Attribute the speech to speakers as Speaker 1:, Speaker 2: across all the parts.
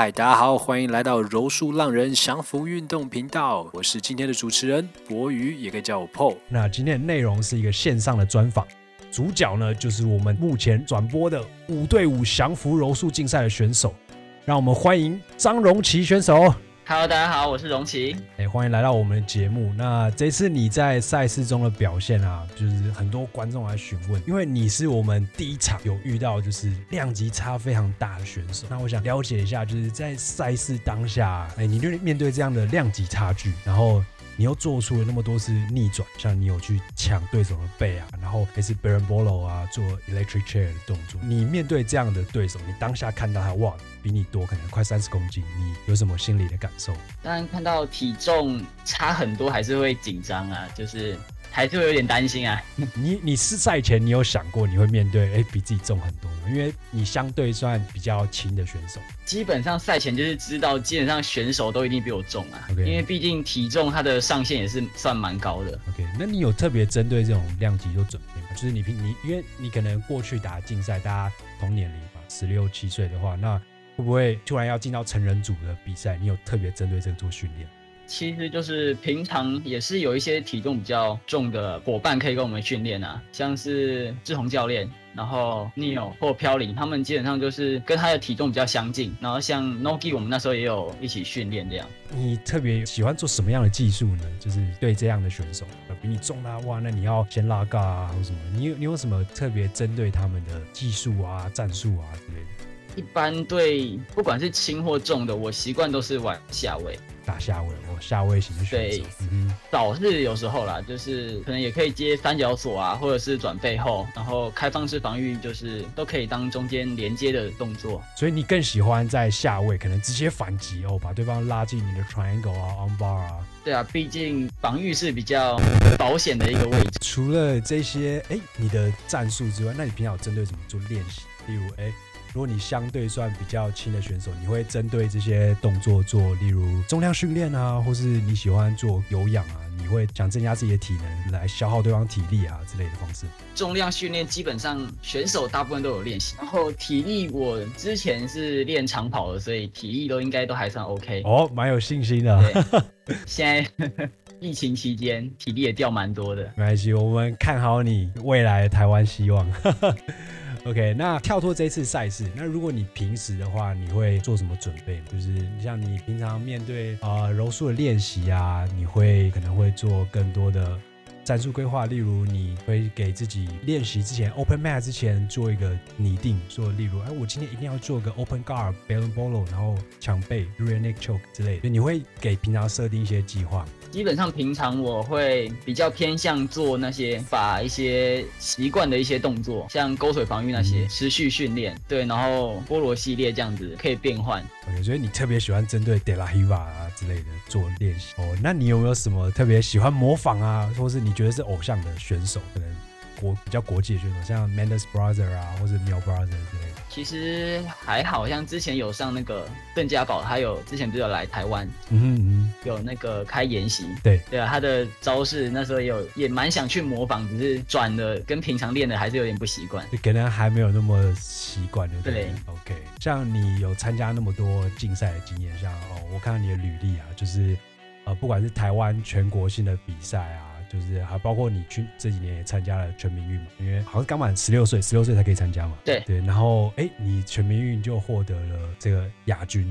Speaker 1: 嗨，大家好，歡迎來到柔術浪人降伏運動頻道，我是今天的主持人博瑜，也可以叫我 Po。那今天的內容是一個線上的專訪，主角呢就是我們目前轉播的五對五降伏柔術競賽的選手，讓我們歡迎張容齊選手。
Speaker 2: Hello，大家好，我是容齊，哎、欸，
Speaker 1: 歡迎來到我們的節目。那這次你在賽事中的表現啊，就是很多觀眾來詢問，因為你是我們第一場有遇到就是量級差非常大的選手。那我想了解一下，就是在賽事當下，哎、欸，你面對這樣的量級差距，然後。你又做出了那麼多次逆轉，像你有去搶對手的背啊，然後還是 Berembolo 啊，做 Electric Chair 的動作。你面對這樣的對手，你當下看到他，哇，比你多可能快三十公斤，你有什麼心理的感受？
Speaker 2: 當然看到體重差很多還是會緊張啊，就是。還是會有點擔心啊。
Speaker 1: 你你是賽前你有想過你會面對哎、欸、比自己重很多嗎？因為你相對算比較輕的選手，
Speaker 2: 基本上賽前就是知道基本上選手都一定比我重啊。OK，因為畢竟體重它的上限也是算蠻高的。OK，
Speaker 1: 那你有特別針對這種量級做準備嗎？就是你平你因為你可能過去打競賽，大家同年齡嘛，十六七歲的話，那會不會突然要進到成人組的比賽？你有特別針對這個做訓練？
Speaker 2: 其實就是平常也是有一些體重比較重的伙伴可以跟我們訓練啊，像是志宏教練，然後 Neo 或飄零，他們基本上就是跟他的體重比較相近。然後像 Nogi，我們那時候也有一起訓練這樣。
Speaker 1: 你特別喜歡做什麼樣的技術呢？就是對這樣的選手，比你重啊，哇，那你要先拉嘎啊，或什麼？你有你有什麼特別針對他們的技術啊、戰術啊之類
Speaker 2: 的？一般對不管是輕或重的，我習慣都是玩下位。打
Speaker 1: 下位，我、哦、下位型
Speaker 2: 的選擇，對，嗯哼，倒是有時候啦，就是可能也可以接三角鎖啊，或者是轉背後，然後開放式防禦，就是都可以當中間連接的動作。
Speaker 1: 所以你更喜歡在下位，可能直接反擊哦，把對方拉進你的 triangle 啊，on bar 啊。
Speaker 2: 對啊，畢竟防禦是比較保險的一個位置。
Speaker 1: 除了這些哎、欸，你的戰術之外，那你平常有針對什麼做練習？例如哎、欸，如果你相對算比較輕的選手，你會針對這些動作做，例如重量訓練啊，或是你喜歡做有氧啊。你會想增加自己的體能，來消耗對方體力啊之類的方式。
Speaker 2: 重量訓練基本上選手大部分都有練習，然後體力我之前是練長跑的，所以體力都應該都還算 OK。哦，
Speaker 1: 蠻有信心的。對，
Speaker 2: 現在 疫情期間體力也掉蠻多的，
Speaker 1: 沒關係，我們看好你未來的台灣希望。 OK，那跳脫這次賽事，那如果你平時的話，你會做什麼準備？就是你像你平常面對呃柔術的練習啊，你會可能會做更多的戰術規劃，例如你會給自己練習之前，open mat 之前做一個擬定，說例如哎、啊，我今天一定要做個 open guard, Berembolo，然後搶背，rear neck choke 之類的，所以你會給平常設定一些計劃。
Speaker 2: 基本上平常我會比較偏向做那些把一些習慣的一些動作，像勾腿防禦那些、嗯、持續訓練，對，然後菠蘿系列這樣子可以變換。我覺
Speaker 1: 得你特別喜歡針對 De La Riva 啊之類的做練習哦。Oh, 那你有沒有什麼特別喜歡模仿啊，或是你覺得是偶像的選手？可能國比較國際的選手，像 Mendes Brothers 啊，或者 Miyao Brothers 之類的。
Speaker 2: 其實還好，像之前有上那個鄧家寶，他有之前不是有來台灣，嗯哼嗯，有那個開研習，對對啊，他的招式那時候也有也蠻想去模仿，只是轉的跟平常練的還是有點不習慣，
Speaker 1: 可能還沒有那麼習慣，對。OK，像你有參加那麼多競賽的經驗，像哦，我看到你的履歷啊，就是呃，不管是台灣全國性的比賽啊。就是還包括你去這幾年也參加了全民運嘛，因為好像剛滿十六歲，十六歲才可以參加嘛。對對，然後哎、欸，你全民運就獲得了這個亞軍。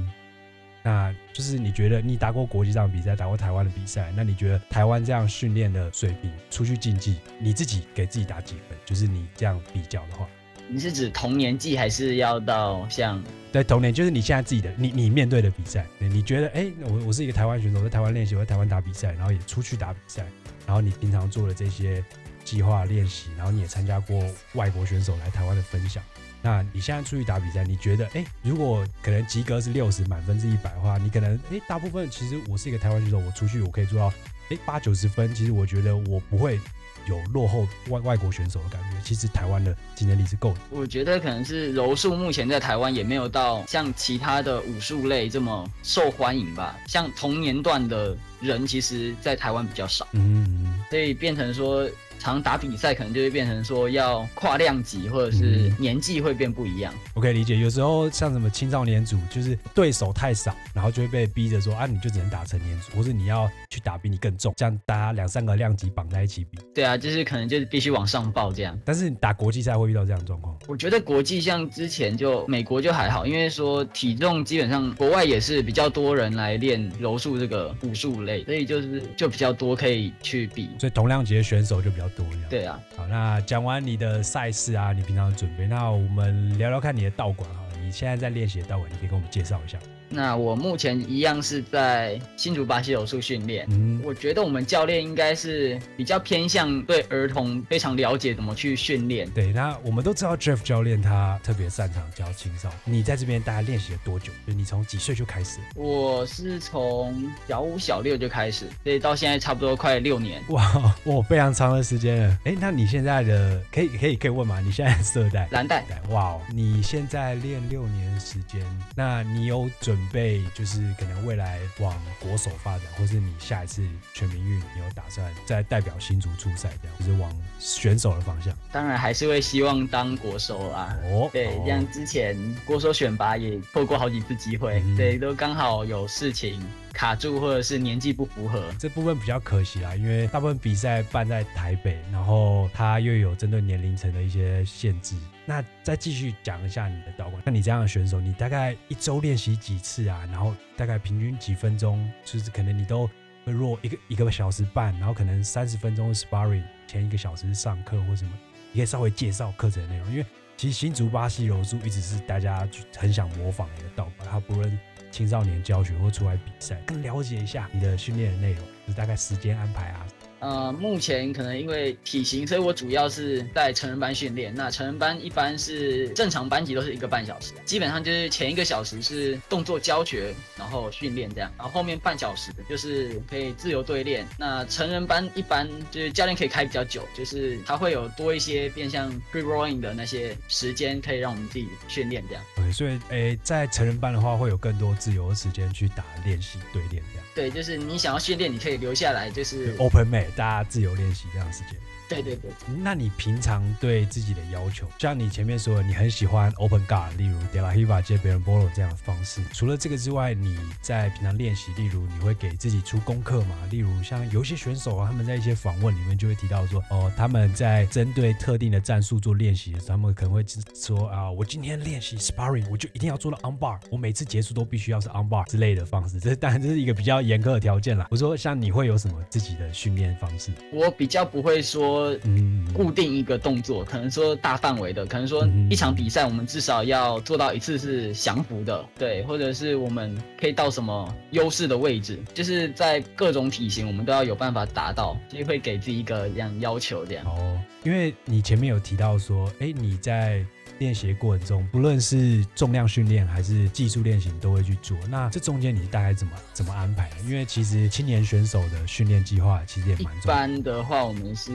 Speaker 1: 那就是你覺得你打過國際上比賽，打過台灣的比賽，那你覺得台灣這樣訓練的水平出去競技，你自己給自己打幾分？就是你這樣比較的
Speaker 2: 話。你是指同年紀還是要到像？
Speaker 1: 對，同年，就是你現在自己的，你你面對的比賽，你覺得哎，我、欸、我是一個台灣選手，我在台灣練習，我在台灣打比賽，然後也出去打比賽，然後你平常做的這些計劃練習，然後你也參加過外國選手來台灣的分享。那你現在出去打比賽，你覺得哎、欸，如果可能及格是六十，滿分是一百的話，你可能哎、欸，大部分其實我是一個台灣選手，我出去我可以做到哎八九十分。其實我覺得我不會有落後外外國選手的感覺。其實台灣的競爭力是
Speaker 2: 夠的。我覺得可能是柔術目前在台灣也沒有到像其他的武術類這麼受歡迎吧。像同年段的人，其實，在台灣比較少，嗯，嗯，嗯，所以變成說。常打比賽可能就會變成說要跨量級，或者是年紀會變不一樣、
Speaker 1: 嗯。OK，理解。有時候像什麼青少年組，就是對手太少，然後就會被逼着說啊，你就只能打成年組，或是你要去打比你更重，這樣大家兩三個量級綁在一起比。
Speaker 2: 對啊，就是可能就是必須往上報這樣。
Speaker 1: 但是你打國際賽會遇到這樣的狀
Speaker 2: 況？我覺得國際像之前就美國就還好，因為說體重基本上國外也是比較多人來練柔術這個武術類，所以就是就比較多可以去比，
Speaker 1: 所以同量級的選手就比較。多對啊，對啊，好，那講
Speaker 2: 完你的賽
Speaker 1: 事啊，你平常準備，那我們聊聊看你的道館啊，你現在在練習的道館，你可以跟我們介紹一下？
Speaker 2: 那我目前一樣是在新竹巴西柔術訓練。嗯，我覺得我們教練應該是比較偏向對兒童非常了解，怎麼去訓練。對，那我們都知
Speaker 1: 道 Jeff 教練他特別擅長教青少年。你在這邊大概練習了多久？就你從幾歲
Speaker 2: 就開始？我是從小五小六就開始，所以到現在差不多快六年。
Speaker 1: 哇，哇，非常長的時間了。哎、欸，那你現在的可以可以可以問嗎？你現在的色帶藍帶？哇，你現在練六年時間，那你有準？準備就是可能未來往國手發展，或是你下一次全民運有打算再代表新竹出賽，這樣就是往選手的方向？
Speaker 2: 當然還是會希望當國手啊。哦，對，這樣之前國手選拔也錯過好幾次機會，哦，對，都剛好有事情。卡住或者是年紀不符合。這部分比較可惜啦、
Speaker 1: 啊，因為大部分比賽辦在台北，然後它又有針對年齡層的一些限制。那再繼續講一下你的道館，像你這樣的選手，你大概一周練習幾次啊？然後大概平均幾分鐘，就是可能你都會弱一個一個小時半，然後可能三十分鐘 sparring，前一個小時上課或什麼，你可以稍微介紹課程的內容，因為其實新竹巴西柔術一直是大家很想模仿的一個道館，他不論。青少年教學或出來比賽，更了解一下你的訓練的內容，就是大概時間安排啊。
Speaker 2: 呃，目前可能因為體型，所以我主要是在成人班訓練。那成人班一般是正常班級都是一個半小時，基本上就是前一個小時是動作教學，然後訓練這樣，然後後面半小時就是可以自由對練。那成人班一般就是教練可以開比較久，就是他會有多一些變相 pre-rolling 的那些時間，可以讓我們自己訓練這樣。對、
Speaker 1: okay，所以誒、欸，在成人班的話，會有更多自由的時間去打練習對練這
Speaker 2: 樣。對，就是你想要訓練，你可以留下來，就是就 open
Speaker 1: mate。大家自由練習這樣的時間。對對對，那你平常對自己的要求，像你前面說的，你很喜歡 open guard，例如 Dela Riva 接 Berembolo 這樣的方式。除了這個之外，你在平常練習，例如你會給自己出功課嘛，例如像有些選手啊，他們在一些訪問裡面就會提到說，哦、呃，他們在針對特定的戰術做練習的時候，他們可能會說啊，我今天練習 sparring，我就一定要做到 on bar，我每次結束都必須要是 on bar 之類的方式。這當然這是一個比較嚴苛的條件啦。我說像你會有什麼自己的訓練
Speaker 2: 方式？我比較不會說。說、嗯、固定一個動作，可能說大範圍的，可能說一場比賽，我們至少要做到一次是降伏的。對，或者是我們可以到什麼優勢的位置，就是在各種體型，我們都要有辦法達到，就會給自己一個一樣要求這樣。哦，
Speaker 1: 因為你前面有提到說，哎，你在。練習的過程中，不論是重量訓練還是技術練習，你都會去做。那這中間你大概怎麼怎麼安排呢？因為其實青年選手的訓練計劃其實也蠻重要的。
Speaker 2: 一般的話，我們是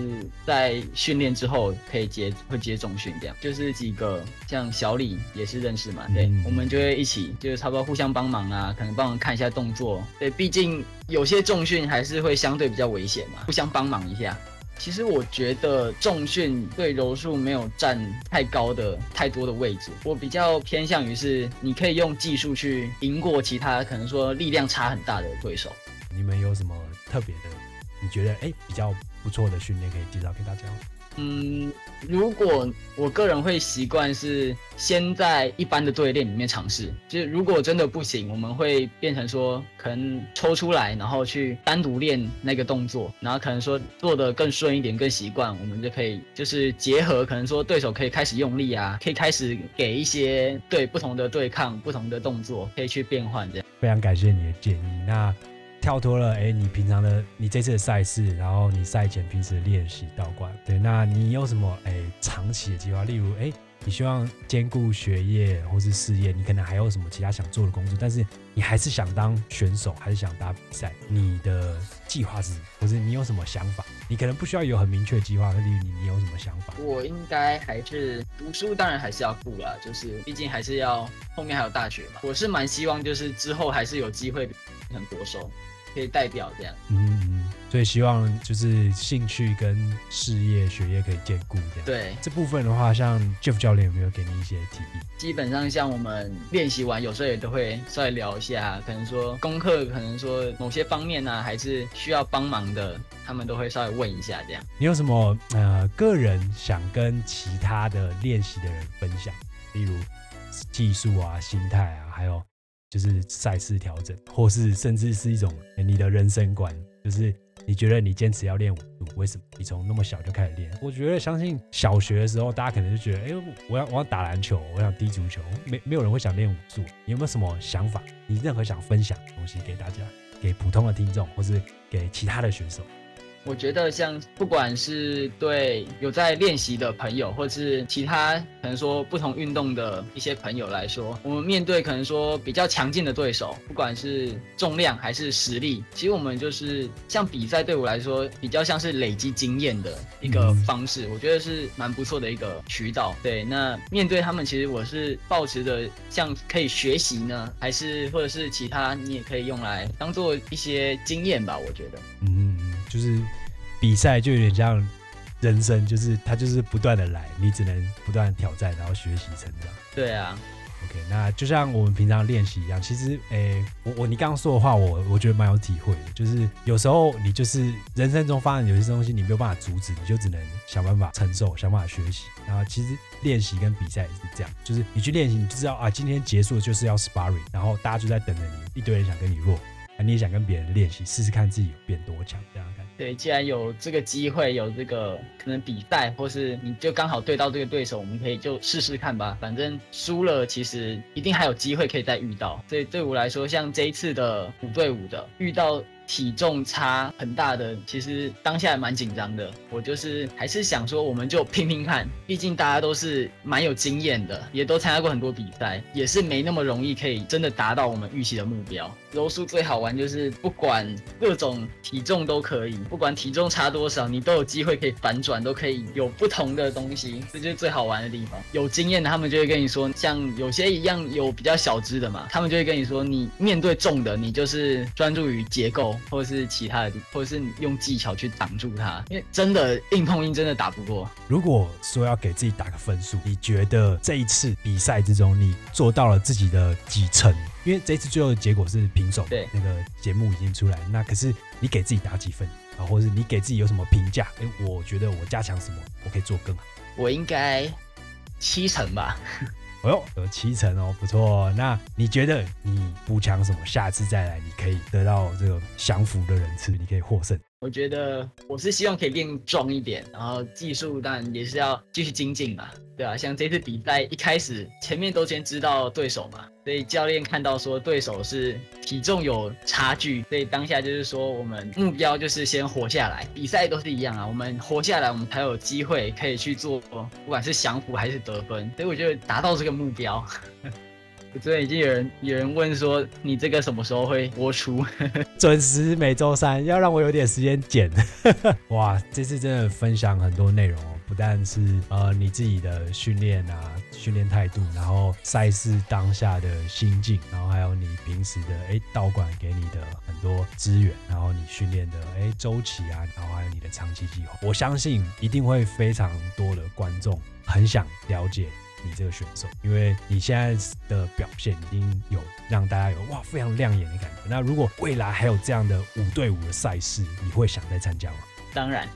Speaker 2: 在訓練之後可以接會接重訓，這樣就是幾個像小李也是認識嘛，對，嗯、我們就會一起，就是差不多互相幫忙啊，可能幫忙看一下動作。對，畢竟有些重訓還是會相對比較危險嘛，互相幫忙一下。其實我覺得重訓對柔術沒有占太高的太多的位置，我比較偏向於是你可以用技術去贏過其他可能說力量差很大的對手。
Speaker 1: 你們有什麼特別的？你覺得哎、欸、比較不錯的訓練可以介紹給大家？
Speaker 2: 嗯，如果我個人會習慣是先在一般的對練裡面嘗試，就是如果真的不行，我們會變成說可能抽出來，然後去單獨練那個動作，然後可能說做得更順一點、更習慣，我們就可以就是結合，可能說對手可以開始用力啊，可以開始給一些對不同的對抗、不同的動作可以去變換這
Speaker 1: 樣。非常感謝你的建議，那。跳脫了，哎，你平常的，你這次的賽事，然後你賽前平時的練習道館，對，那你有什麼哎長期的計劃？例如，哎，你希望兼顧學業或是事業，你可能還有什麼其他想做的工作，但是你還是想當選手，還是想打比賽？你的計劃是什麼？或是你有什麼想法？你可能不需要有很明確的計劃，例如你你有什麼想
Speaker 2: 法？我應該還是讀書，當然還是要顧啦、啊，就是畢竟還是要後面還有大學嘛。我是蠻希望就是之後還是有機會能奪手。可以代表
Speaker 1: 這樣，嗯嗯，所以希望就是興趣跟事業、學業可以兼顧這樣。對，這部分的話，像 Jeff 教練有沒有給你一些提議？
Speaker 2: 基本上像我們練習完，有時候也都會稍微聊一下，可能說功課，可能說某些方面呢、啊，還是需要幫忙的，他們都會稍微問一下這樣。
Speaker 1: 你有什麼呃個人想跟其他的練習的人分享？例如技術啊、心態啊，還有。就是賽事調整，或是甚至是一種你的人生觀，就是你覺得你堅持要練武術，為什麼？你從那麼小就開始練。我覺得相信小學的時候，大家可能就覺得，哎、欸，我要我要打籃球，我想踢足球，沒沒有人會想練武術。你有沒有什麼想法？你任何想分享的東西給大家，給普通的聽眾，或是給其他的選手？
Speaker 2: 我覺得像不管是對有在練習的朋友，或者是其他可能說不同運動的一些朋友來說，我們面對可能說比較強勁的對手，不管是重量還是實力，其實我們就是像比賽對我來說比較像是累積經驗的一個方式，我覺得是蠻不錯的一個渠道。對，那面對他們，其實我是抱持着像可以學習呢，還是或者是其他，你也可以用來當做一些經驗吧，我覺得。嗯。
Speaker 1: 就是比賽就有點像人生，就是他就是不斷的來，你只能不斷挑戰，然後學習成長。
Speaker 2: 對啊，OK，
Speaker 1: 那就像我們平常練習一樣，其實，哎、欸，我我你剛剛說的話，我我覺得蠻有體會的，就是有時候你就是人生中發生有些東西，你沒有辦法阻止，你就只能想辦法承受，想辦法學習。然後其實練習跟比賽也是這樣，就是你去練習，你就知道啊，今天結束就是要 sparring，然後大家就在等着你，一堆人想跟你 roll，你也想跟別人練習，試試看自己有變多強，這樣。
Speaker 2: 對，既然有這個機會，有這個可能比賽，或是你就剛好對到這個對手，我們可以就試試看吧。反正輸了，其實一定還有機會可以再遇到。所以對我來說，像這一次的五對五的遇到。體重差很大的，其實當下也蠻緊張的。我就是還是想說，我們就拼拼看，畢竟大家都是蠻有經驗的，也都參加過很多比賽，也是沒那麼容易可以真的達到我們預期的目標。柔術最好玩就是不管各種體重都可以，不管體重差多少，你都有機會可以反轉，都可以有不同的東西，這就是最好玩的地方。有經驗的他們就會跟你說，像有些一樣有比較小只的嘛，他們就會跟你說，你面對重的，你就是專注於結構。或者是其他的，或者是用技巧去擋住他，因為真的硬碰硬真的打不過。
Speaker 1: 如果說要給自己打個分數，你覺得這一次比賽之中你做到了自己的幾成？因為這一次最後的結果是平手，對，那個節目已經出來，那可是你給自己打幾分啊？或者是你給自己有什麼評價？誒，我覺得我加強什麼，我可以做更好。
Speaker 2: 我應該七成吧。
Speaker 1: 哦、哎、喲，有七成哦，不錯哦。那你覺得你補強什麼？下次再來，你可以得到這個降伏的人次，你可以獲勝。
Speaker 2: 我覺得我是希望可以變壯一點，然後技術當然也是要繼續精進嘛，對啊，像這次比賽一開始前面都先知道對手嘛，所以教練看到說對手是體重有差距，所以當下就是說我們目標就是先活下來。比賽都是一樣啊，我們活下來，我們才有機會可以去做，不管是降服還是得分。所以我覺得達到這個目標。 我昨天已經有人有人問說，你這個什麼時候會
Speaker 1: 播出？ 準時每周三，要讓我有點時間剪。 哇，這次真的分享很多內容哦，不但是呃你自己的訓練啊、訓練態度，然後賽事當下的心境，然後還有你平時的哎、欸、道館給你的很多資源，然後你訓練的哎周、欸、期啊，然後還有你的長期計劃，我相信一定會非常多的觀眾很想了解。你這個選手，因為你現在的表現已經有讓大家有哇非常亮眼的感覺。那如果未來還有這樣的五對五的賽事，你會想再參加嗎？
Speaker 2: 當然，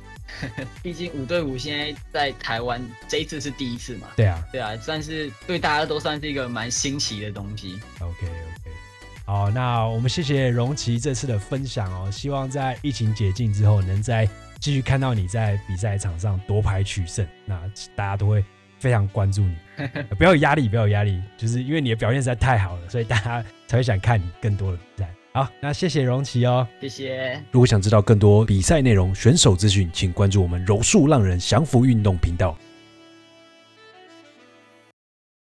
Speaker 2: 畢竟五對五現在在台灣這一次是第一次嘛。對啊，對啊，算是對大家都算是一個蠻新奇的東西。OK OK，
Speaker 1: 好，那我們謝謝容齊這次的分享哦。希望在疫情解禁之後，能再繼續看到你在比賽場上奪牌取勝。那大家都會。非常關注你，不要有壓力，不要有壓力，就是因為你的表現實在太好了，所以大家才會想看你更多的比賽。好，那謝謝容齊哦，謝謝。如果想知道更多比賽內容、選手資
Speaker 2: 訊，請關注我們“柔術浪人降服運動”頻道。